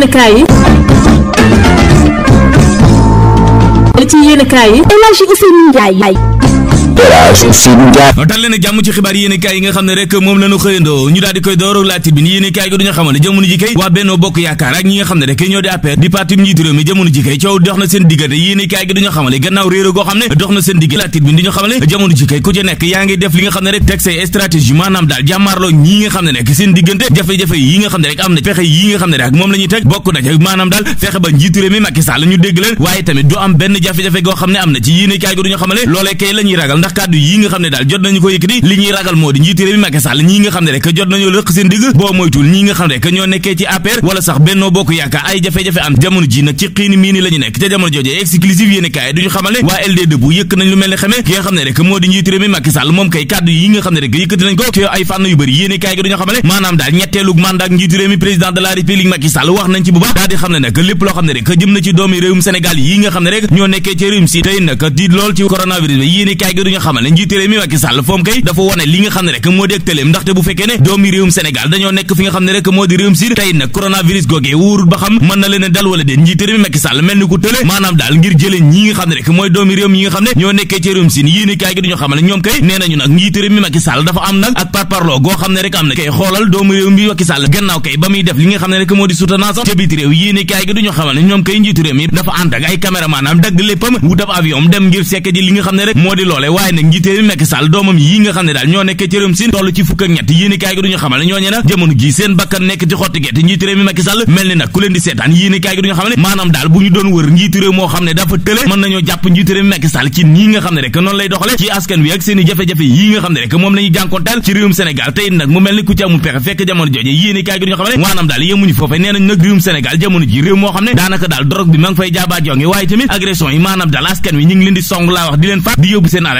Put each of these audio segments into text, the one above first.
yéen kaay yi. ci yéen kaay yi. El Hadji Ousseynou Ndiaye. tal leen jàmm ci xibaar yéen kay ak ñi nga xam ne rek kay ku ci nekk yaa ngi def li nga xam ne rek teg say stratégie maanaam daal jàmmaarloo ñi nga xam ne rek seen diggante jafe-jafe yi nga xam ne rek am na fexe yi nga xam ne rek moom la teg bokk na maanaam daal fexe ba njiitu réew mi Macky Sall dégg leen waaye tamit du am benn jafe-jafe goo xam ne am na ci yéen kaay gi duñu xamal ne loolee kay lañuy ragal ragal ndax kàddu yi nga xam ne daal jot nañu ko yëkkati li ñuy ragal moo di njiitu réew mi ñii nga xam ne rek ñoo nekkee ci réew mi si tey nag di lool ci coronavirus bi yéen kaay quotidien duñu xamal ne njiité réew mi Macky Sall foom kay dafa wone li nga xam ne rek moo di ak tëleem réew mi kay nee nañu nag xamal ne ñoom kay njiitu réew mi dafa ànd ak ay caméra maanaam dagg léppam wut avion dem ngir sekk ji li nga xam ne rek moo di loole waaye nag njiiteeri Macky doomam yi nga xam ne daal ñoo nekkee ci réewum Siin réew leen di seetaan yéen i kaay gi duñu xamal ne moo xam ne nga xam ne rek noonu lay doxale ci askan wi ak seen i jafe-jafe yi nga xam ne ku ci amul pexe fekk jamono jooje yéen i kaay gi duñu daal askan wi ñu ngi leen di song laa wax di leen faat di yóbbu seen alal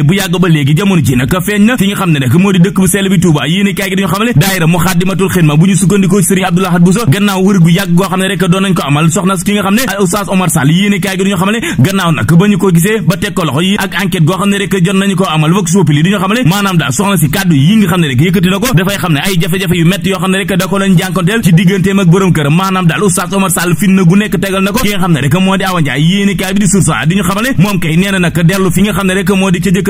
tàmbalee bu yàgg ba léegi jamono ji nag feeñ na fi nga xam ne nag moo di dëkk bu sell bi Touba yéene kaay ñu xamale gannaaw nag ba ñu ko gisee nga xam ne rek moo di Awa Ndiaye kaay bi di source a di ñu xamale moom kay nee na dellu fi nga xam ne rek moo di ca jëkk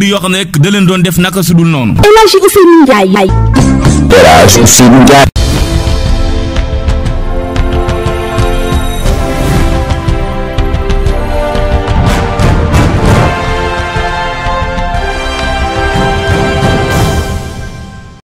bëri yoo xam ne rek da leen doon def naka su dul noonu. El Hadji Ousseynou Ndiaye.